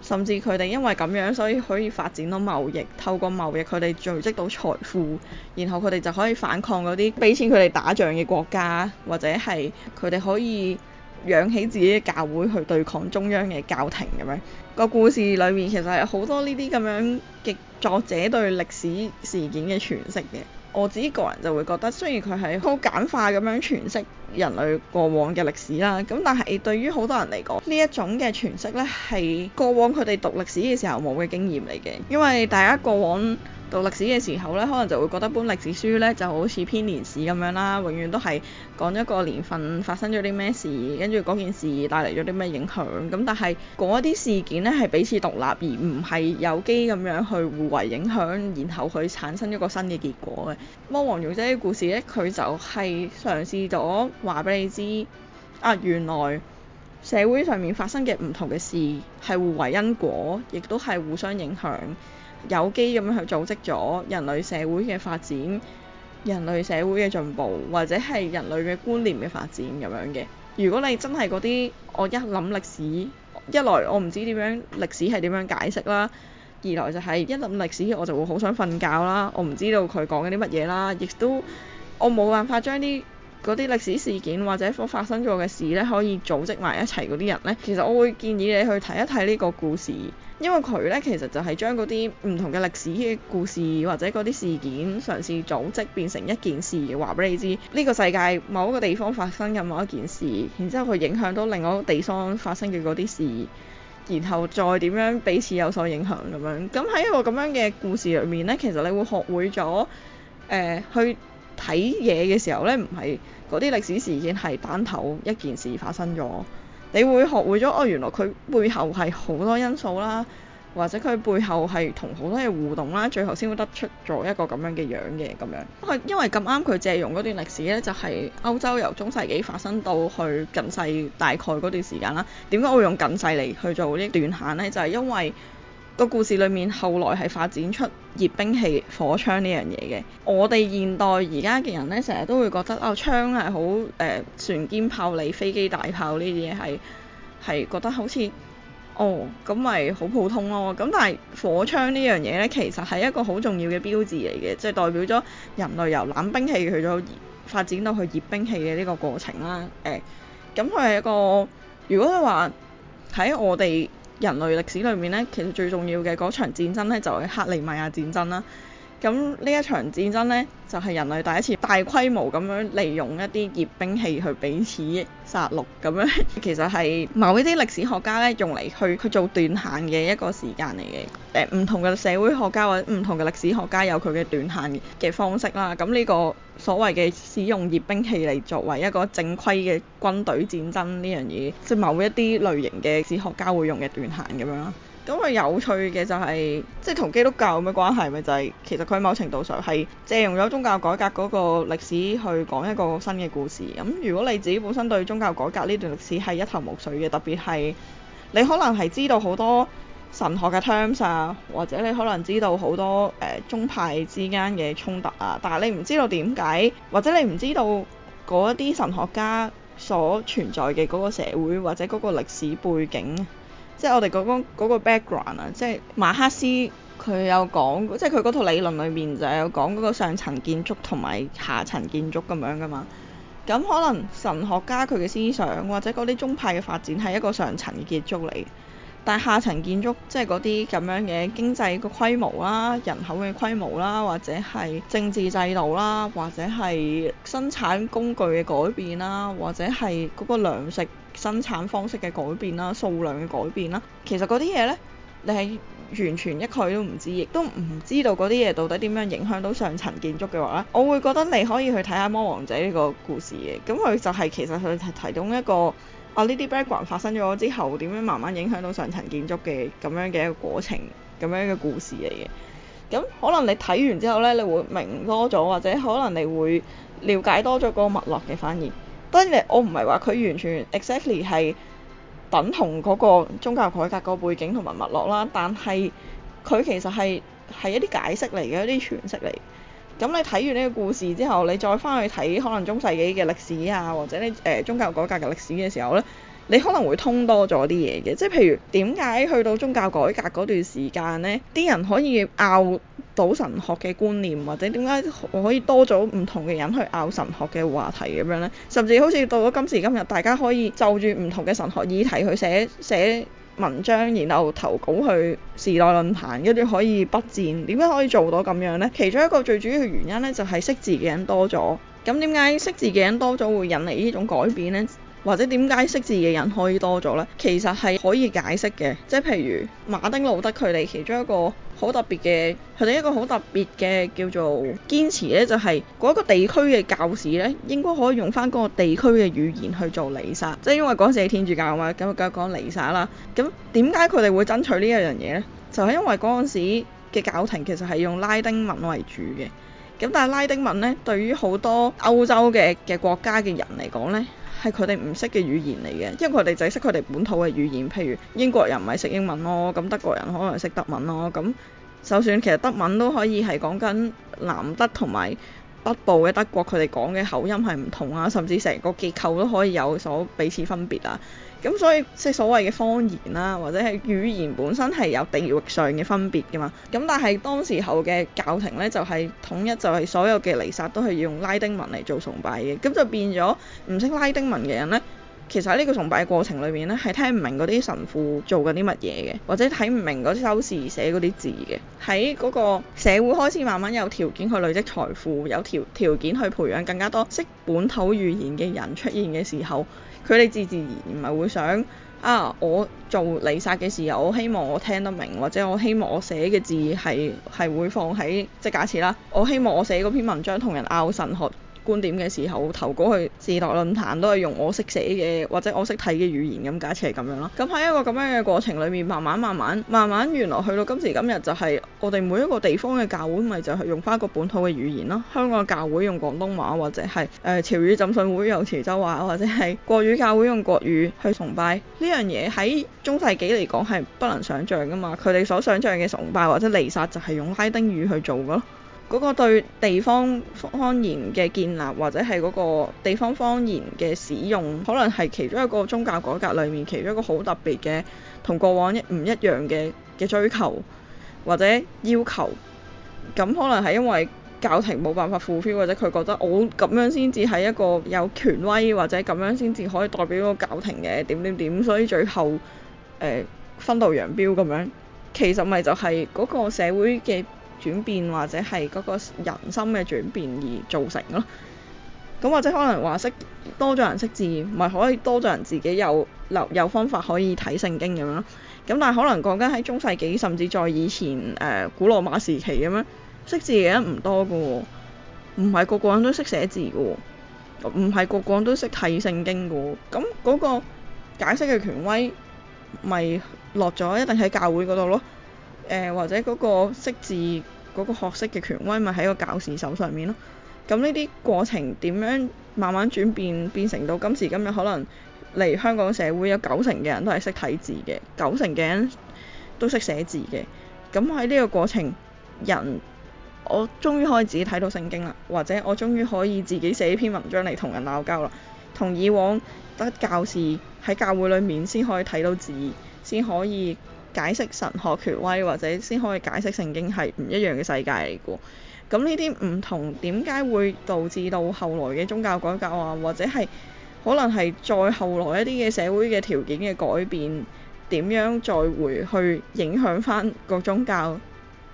甚至佢哋因為咁樣，所以可以發展到貿易，透過貿易佢哋聚積到財富，然後佢哋就可以反抗嗰啲俾錢佢哋打仗嘅國家，或者係佢哋可以。養起自己嘅教會去對抗中央嘅教廷咁樣，個故事裏面其實係好多呢啲咁樣嘅作者對歷史事件嘅詮釋嘅。我自己個人就會覺得，雖然佢係好簡化咁樣詮釋人類過往嘅歷史啦，咁但係對於好多人嚟講，呢一種嘅詮釋呢係過往佢哋讀歷史嘅時候冇嘅經驗嚟嘅，因為大家過往。讀歷史嘅時候咧，可能就會覺得本歷史書咧就好似編年史咁樣啦，永遠都係講一個年份發生咗啲咩事，跟住嗰件事帶嚟咗啲咩影響。咁但係嗰啲事件咧係彼此獨立，而唔係有機咁樣去互為影響，然後去產生一個新嘅結果嘅。咁啊，魔王勇者嘅故事咧，佢就係嘗試咗話俾你知啊，原來社會上面發生嘅唔同嘅事係互為因果，亦都係互相影響。有機咁樣去組織咗人類社會嘅發展、人類社會嘅進步，或者係人類嘅觀念嘅發展咁樣嘅。如果你真係嗰啲，我一諗歷史，一來我唔知點樣，歷史係點樣解釋啦，二來就係一諗歷史，我就會好想瞓覺啦，我唔知道佢講緊啲乜嘢啦，亦都我冇辦法將啲，嗰啲歷史事件或者發生過嘅事呢，可以組織埋一齊嗰啲人呢，其實我會建議你去睇一睇呢個故事，因為佢呢，其實就係將嗰啲唔同嘅歷史嘅故事或者嗰啲事件嘗試組織變成一件事。話俾你知，呢個世界某一個地方發生嘅某一件事，然之後佢影響到另外個地方發生嘅嗰啲事，然後再點樣彼此有所影響咁樣。咁喺一個咁樣嘅故事入面呢，其實你會學會咗、呃、去。睇嘢嘅時候呢，唔係嗰啲歷史事件係單頭一件事發生咗，你會學會咗，哦，原來佢背後係好多因素啦，或者佢背後係同好多嘢互動啦，最後先會得出咗一個咁樣嘅樣嘅咁樣。因為因為咁啱佢借用嗰段歷史呢，就係歐洲由中世紀發生到去近世大概嗰段時間啦。點解我會用近世嚟去做呢段限呢？就係因為個故事裏面後來係發展出熱兵器火槍呢樣嘢嘅。我哋現代而家嘅人呢，成日都會覺得啊，槍係好誒，船堅炮利、嚟飛機大炮呢啲嘢係係覺得好似哦，咁咪好普通咯。咁但係火槍呢樣嘢呢，其實係一個好重要嘅標誌嚟嘅，即係代表咗人類由冷兵器去咗發展到去熱兵器嘅呢個過程啦。誒、呃，咁佢係一個，如果佢話喺我哋。人類歷史裏面咧，其實最重要嘅嗰場戰爭咧，就係克里米亞戰爭啦。咁呢一場戰爭呢，就係、是、人類第一次大規模咁樣利用一啲熱兵器去彼此殺戮咁樣。其實係某一啲歷史學家呢，用嚟去佢做斷限嘅一個時間嚟嘅。誒，唔同嘅社會學家或者唔同嘅歷史學家有佢嘅斷限嘅方式啦。咁呢個所謂嘅使用熱兵器嚟作為一個正規嘅軍隊戰爭呢樣嘢，即、就、係、是、某一啲類型嘅史學家會用嘅斷限咁樣啦。咁佢有趣嘅就係、是、即係同基督教有咩關係咪就係、是、其實佢某程度上係借用咗宗教改革嗰個歷史去講一個新嘅故事。咁如果你自己本身對宗教改革呢段歷史係一頭霧水嘅，特別係你可能係知道好多神學嘅 terms 啊，或者你可能知道好多誒宗，呃，派之間嘅衝突啊，但係你唔知道點解，或者你唔知道嗰啲神學家所存在嘅嗰個社會或者嗰個歷史背景。即係我哋嗰個嗰個 background 啊，即係馬克思佢有講，即係佢嗰套理論裏面就有講嗰個上層建築同埋下層建築咁樣噶嘛。咁可能神學家佢嘅思想或者嗰啲宗派嘅發展係一個上層建築嚟，但係下層建築即係嗰啲咁樣嘅經濟嘅規模啦、人口嘅規模啦，或者係政治制度啦，或者係生產工具嘅改變啦，或者係嗰個糧食生產方式嘅改變啦，數量嘅改變啦，其實嗰啲嘢呢，你係完全一概都唔知，亦都唔知道嗰啲嘢到底點樣影響到上層建築嘅話咧，我會覺得你可以去睇下《魔王仔》呢、這個故事嘅，咁佢就係、是、其實佢係提供一個啊呢啲 background 發生咗之後點樣慢慢影響到上層建築嘅咁樣嘅一個過程咁樣嘅故事嚟嘅，咁可能你睇完之後呢，你會明多咗，或者可能你會了解多咗嗰個脈絡嘅反應。當然，我唔係話佢完全 exactly 係等同嗰個宗教改革嗰個背景同埋脈絡啦，但係佢其實係係一啲解釋嚟嘅，一啲詮釋嚟。咁你睇完呢個故事之後，你再翻去睇可能中世紀嘅歷史啊，或者你誒、呃、宗教改革嘅歷史嘅時候咧。你可能會通多咗啲嘢嘅，即係譬如點解去到宗教改革嗰段時間呢？啲人可以拗到神學嘅觀念，或者點解可以多咗唔同嘅人去拗神學嘅話題咁樣呢，甚至好似到咗今時今日，大家可以就住唔同嘅神學議題去寫寫文章，然後投稿去時代論壇，跟住可以筆戰，點解可以做到咁樣呢？其中一個最主要嘅原因呢，就係識字嘅人多咗。咁點解識字嘅人多咗會引嚟呢種改變呢？或者點解識字嘅人可以多咗呢？其實係可以解釋嘅，即係譬如馬丁路德佢哋其中一個好特別嘅，佢哋一個好特別嘅叫做堅持呢就係、是、嗰個地區嘅教士呢，應該可以用翻嗰個地區嘅語言去做彌撒，即係因為嗰陣時係天主教嘛，咁梗係講彌撒啦。咁點解佢哋會爭取呢一樣嘢呢？就係、是、因為嗰陣時嘅教廷其實係用拉丁文為主嘅，咁但係拉丁文呢，對於好多歐洲嘅嘅國家嘅人嚟講呢，係佢哋唔識嘅語言嚟嘅，因為佢哋就係識佢哋本土嘅語言，譬如英國人咪識英文咯，咁德國人可能識德文咯，咁就算其實德文都可以係講緊南德同埋北部嘅德國，佢哋講嘅口音係唔同啊，甚至成個結構都可以有所彼此分別啊。咁、嗯、所以即係所謂嘅方言啦，或者係語言本身係有地域上嘅分別嘅嘛。咁但係當時候嘅教廷咧，就係、是、統一，就係所有嘅彌撒都係要用拉丁文嚟做崇拜嘅。咁就變咗唔識拉丁文嘅人咧，其實喺呢個崇拜過程裏面咧，係聽唔明嗰啲神父做緊啲乜嘢嘅，或者睇唔明嗰啲修士寫嗰啲字嘅。喺嗰個社會開始慢慢有條件去累積財富，有條條件去培養更加多識本土語言嘅人出現嘅時候。佢哋自自然然唔係會想啊，我做彌撒嘅時候，我希望我聽得明，或者我希望我寫嘅字係係會放喺，即係假設啦，我希望我寫嗰篇文章同人拗神學觀點嘅時候，投稿去自讀論壇都係用我識寫嘅或者我識睇嘅語言咁，假設係咁樣咯。咁喺一個咁樣嘅過程裏面，慢慢慢慢慢慢，原來去到今時今日就係、是。我哋每一個地方嘅教會，咪就係用翻個本土嘅語言咯。香港嘅教會用廣東話，或者係誒潮語浸信會用潮州話，或者係國語教會用國語去崇拜呢樣嘢，喺中世紀嚟講係不能想像噶嘛。佢哋所想像嘅崇拜或者彌撒就係用拉丁語去做噶咯。嗰個對地方方言嘅建立，或者係嗰個地方方言嘅使用，可能係其中一個宗教改革裡面其中一個好特別嘅同過往唔一樣嘅嘅追求。或者要求，咁可能係因為教廷冇辦法 fulfill，或者佢覺得我咁樣先至係一個有權威，或者咁樣先至可以代表個教廷嘅點點點，所以最後誒、呃、分道揚鑣咁樣。其實咪就係嗰個社會嘅轉變，或者係嗰個人心嘅轉變而造成咯。咁或者可能話識多咗人識字，咪可以多咗人自己有有方法可以睇聖經咁樣咯。咁但係可能講緊喺中世紀甚至在以前誒、呃、古羅馬時期咁樣識字嘅人唔多㗎喎，唔係個個人都識寫字㗎喎，唔係個個人都識睇聖經㗎喎。咁嗰個解釋嘅權威咪落咗，一定喺教會嗰度咯。誒、呃、或者嗰個識字嗰、嗰個學識嘅權威咪喺個教士手上面咯。咁呢啲過程點樣慢慢轉變變成到今時今日可能？嚟香港社會有九成嘅人都係識睇字嘅，九成嘅人都識寫字嘅。咁喺呢個過程，人我終於可以自己睇到聖經啦，或者我終於可以自己寫篇文章嚟同人鬧交啦。同以往得教士喺教會裏面先可以睇到字，先可以解釋神學權威，或者先可以解釋聖經，係唔一樣嘅世界嚟嘅。咁呢啲唔同點解會導致到後來嘅宗教改革啊，或者係？可能係再後來一啲嘅社會嘅條件嘅改變，點樣再回去影響翻個宗教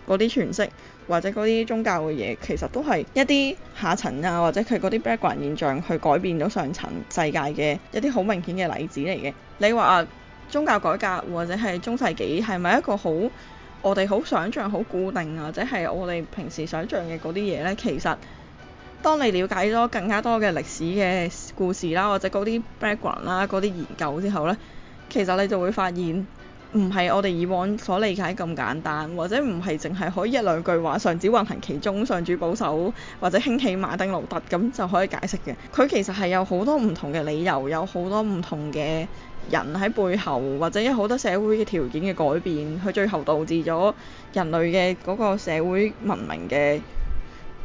嗰啲詮釋或者嗰啲宗教嘅嘢，其實都係一啲下層啊，或者佢嗰啲 background 現象去改變咗上層世界嘅一啲好明顯嘅例子嚟嘅。你話宗教改革或者係中世紀係咪一個好我哋好想像好固定啊，或者係我哋平時想像嘅嗰啲嘢呢？其實？當你了解咗更加多嘅歷史嘅故事啦，或者嗰啲 background 啦、嗰啲研究之後呢，其實你就會發現，唔係我哋以往所理解咁簡單，或者唔係淨係可以一兩句話上主運行其中、上主保守或者興起馬丁路德咁就可以解釋嘅。佢其實係有好多唔同嘅理由，有好多唔同嘅人喺背後，或者有好多社會嘅條件嘅改變，佢最後導致咗人類嘅嗰個社會文明嘅。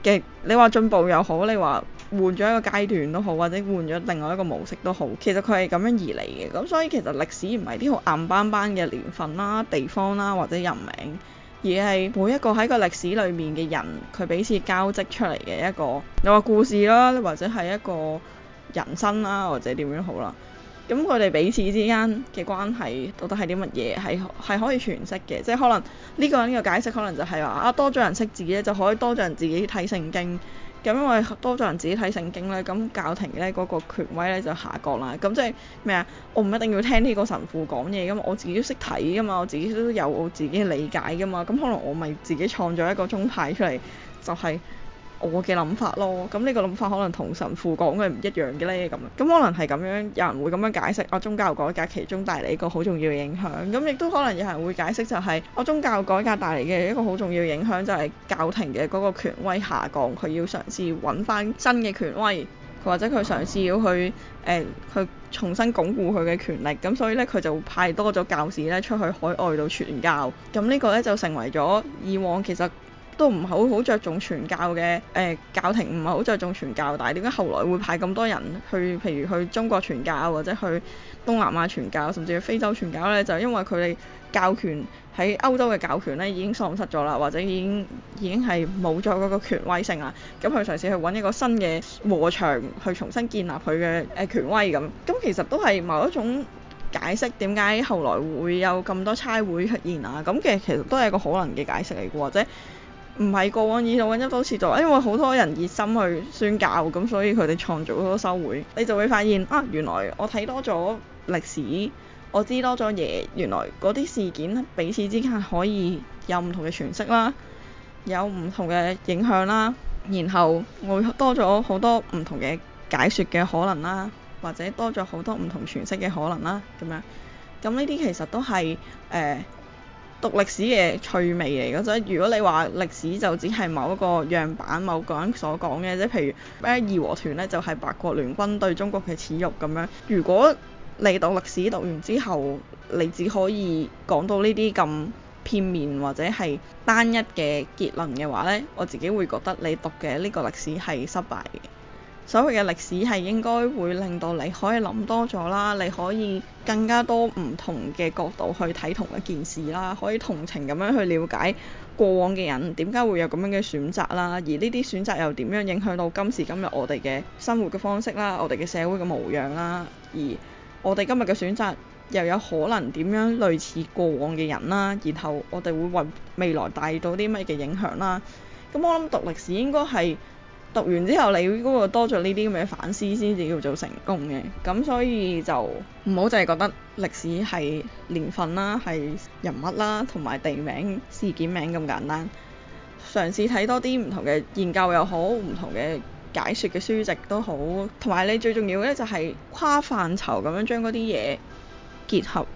嘅，你話進步又好，你話換咗一個階段都好，或者換咗另外一個模式都好，其實佢係咁樣而嚟嘅。咁所以其實歷史唔係啲好硬斑斑嘅年份啦、地方啦或者人名，而係每一個喺個歷史裏面嘅人，佢彼此交織出嚟嘅一個，你話故事啦，或者係一個人生啦，或者點樣好啦。咁佢哋彼此之間嘅關係，到底係啲乜嘢？係係可以詮釋嘅，即係可能呢個人嘅解釋可能就係話啊，多咗人識字咧，就可以多咗人自己睇聖經。咁因為多咗人自己睇聖經咧，咁教廷咧，嗰個權威咧就下降啦。咁即係咩啊？我唔一定要聽呢個神父講嘢噶嘛，我自己都識睇噶嘛，我自己都有我自己嘅理解噶嘛。咁可能我咪自己創造一個宗派出嚟，就係、是。我嘅諗法咯，咁、這、呢個諗法可能同神父講嘅唔一樣嘅咧，咁咁可能係咁樣，有人會咁樣解釋，我、啊、宗教改革其中帶嚟一個好重要嘅影響，咁亦都可能有人會解釋就係、是，我、啊、宗教改革帶嚟嘅一個好重要影響就係教廷嘅嗰個權威下降，佢要嘗試揾翻真嘅權威，或者佢嘗試要去誒、呃、去重新鞏固佢嘅權力，咁所以呢，佢就派多咗教士呢出去海外度傳教，咁呢個呢，就成為咗以往其實。都唔好好着重傳教嘅誒、欸、教廷唔係好着重傳教，但係點解後來會派咁多人去，譬如去中國傳教或者去東南亞傳教，甚至去非洲傳教咧？就係、因為佢哋教權喺歐洲嘅教權咧已經喪失咗啦，或者已經已經係冇咗嗰個權威性啦。咁佢嘗試去揾一個新嘅和場去重新建立佢嘅誒權威咁。咁、嗯、其實都係某一種解釋點解後來會有咁多差會出現啊。咁其實其實都係一個可能嘅解釋嚟嘅，或者。唔係過往以往，因為好似就因為好多人熱心去宣教，咁所以佢哋創造咗修會。你就會發現啊，原來我睇多咗歷史，我知多咗嘢。原來嗰啲事件彼此之間可以有唔同嘅詮釋啦，有唔同嘅影響啦。然後我多咗好多唔同嘅解説嘅可能啦，或者多咗好多唔同詮釋嘅可能啦，咁樣。咁呢啲其實都係誒。呃讀歷史嘅趣味嚟嘅啫。如果你話歷史就只係某一個樣板，某個人所講嘅，即譬如咩義和團咧就係八國聯軍對中國嘅恥辱咁樣，如果你讀歷史讀完之後，你只可以講到呢啲咁片面或者係單一嘅結論嘅話咧，我自己會覺得你讀嘅呢個歷史係失敗嘅。所謂嘅歷史係應該會令到你可以諗多咗啦，你可以更加多唔同嘅角度去睇同一件事啦，可以同情咁樣去了解過往嘅人點解會有咁樣嘅選擇啦，而呢啲選擇又點樣影響到今時今日我哋嘅生活嘅方式啦，我哋嘅社會嘅模樣啦，而我哋今日嘅選擇又有可能點樣類似過往嘅人啦，然後我哋會為未來帶到啲乜嘅影響啦。咁我諗讀歷史應該係。讀完之後，你嗰多咗呢啲咁嘅反思，先至叫做成功嘅。咁所以就唔好就係覺得歷史係年份啦、係人物啦、同埋地名、事件名咁簡單。嘗試睇多啲唔同嘅研究又好，唔同嘅解説嘅書籍都好，同埋你最重要嘅就係跨範疇咁樣將嗰啲嘢結合，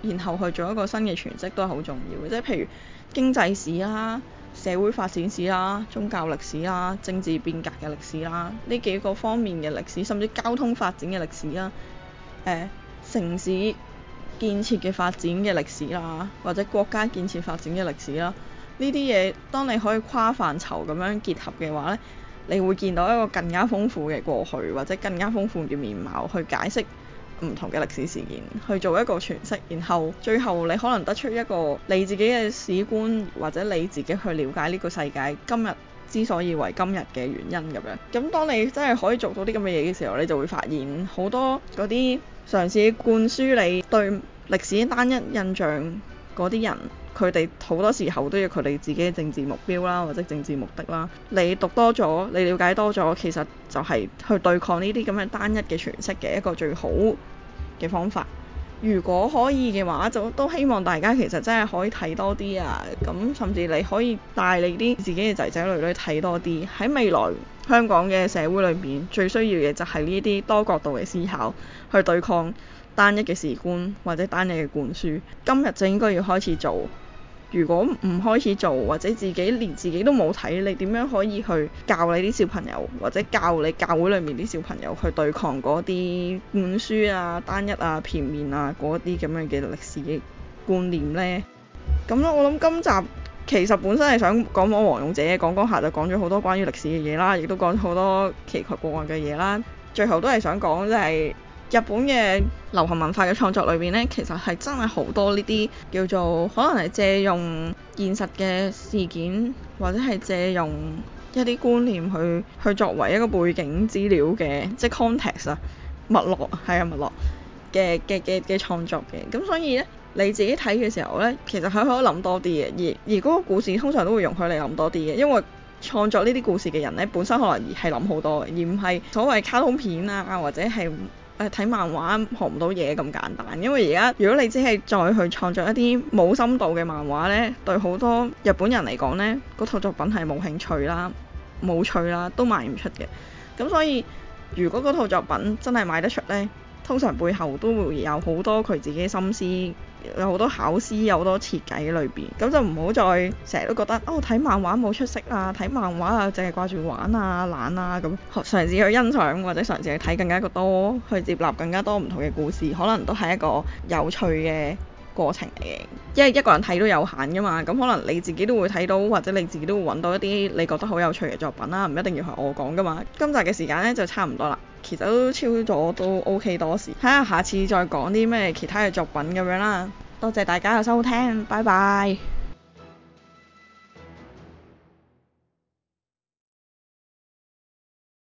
然後去做一個新嘅詮釋都係好重要嘅。即係譬如經濟史啦。社會發展史啦、宗教歷史啦、政治變革嘅歷史啦、呢幾個方面嘅歷史，甚至交通發展嘅歷史啦、呃、城市建設嘅發展嘅歷史啦，或者國家建設發展嘅歷史啦，呢啲嘢當你可以跨範疇咁樣結合嘅話呢，你會見到一個更加豐富嘅過去，或者更加豐富嘅面貌去解釋。唔同嘅歷史事件去做一個詮釋，然後最後你可能得出一個你自己嘅史觀，或者你自己去了解呢個世界今日之所以為今日嘅原因咁樣。咁當你真係可以做到啲咁嘅嘢嘅時候，你就會發現好多嗰啲嘗試灌輸你對歷史單一印象嗰啲人。佢哋好多時候都有佢哋自己嘅政治目標啦，或者政治目的啦。你讀多咗，你了解多咗，其實就係去對抗呢啲咁嘅單一嘅詮釋嘅一個最好嘅方法。如果可以嘅話，就都希望大家其實真係可以睇多啲啊。咁甚至你可以帶你啲自己嘅仔仔女女睇多啲。喺未來香港嘅社會裏面，最需要嘅就係呢啲多角度嘅思考去對抗單一嘅史觀或者單一嘅灌輸，今日就應該要開始做。如果唔開始做，或者自己連自己都冇睇，你點樣可以去教你啲小朋友，或者教你教會裏面啲小朋友去對抗嗰啲灌輸啊、單一啊、片面啊嗰啲咁樣嘅歷史嘅觀念呢？咁咯，我諗今集其實本身係想講講魔王勇者，講講下就講咗好多關於歷史嘅嘢啦，亦都講咗好多奇聞怪案嘅嘢啦。最後都係想講即係。就是日本嘅流行文化嘅創作裏邊咧，其實係真係好多呢啲叫做可能係借用現實嘅事件，或者係借用一啲觀念去去作為一個背景資料嘅，即係 context 落啊，脈絡啊，係啊脈絡嘅嘅嘅嘅創作嘅。咁所以咧，你自己睇嘅時候咧，其實佢可以諗多啲嘅。而而嗰個故事通常都會容許你諗多啲嘅，因為創作呢啲故事嘅人咧，本身可能係諗好多嘅，而唔係所謂卡通片啊或者係。睇漫畫學唔到嘢咁簡單，因為而家如果你只係再去創作一啲冇深度嘅漫畫呢，對好多日本人嚟講，呢套作品係冇興趣啦、冇趣啦，都賣唔出嘅。咁所以如果嗰套作品真係賣得出呢。通常背後都會有好多佢自己心思，有好多考思，有好多設計喺裏邊。咁就唔好再成日都覺得哦，睇漫畫冇出息啊，睇漫畫啊，淨係掛住玩啊、懶啊咁。嘗試去欣賞，或者嘗試去睇更加多，去接納更加多唔同嘅故事，可能都係一個有趣嘅過程嚟嘅，因為一個人睇都有限噶嘛，咁可能你自己都會睇到，或者你自己都會揾到一啲你覺得好有趣嘅作品啦，唔一定要係我講噶嘛。今集嘅時間呢就差唔多啦，其實都超咗都 OK 多時，睇下下次再講啲咩其他嘅作品咁樣啦。多謝大家嘅收聽，拜拜。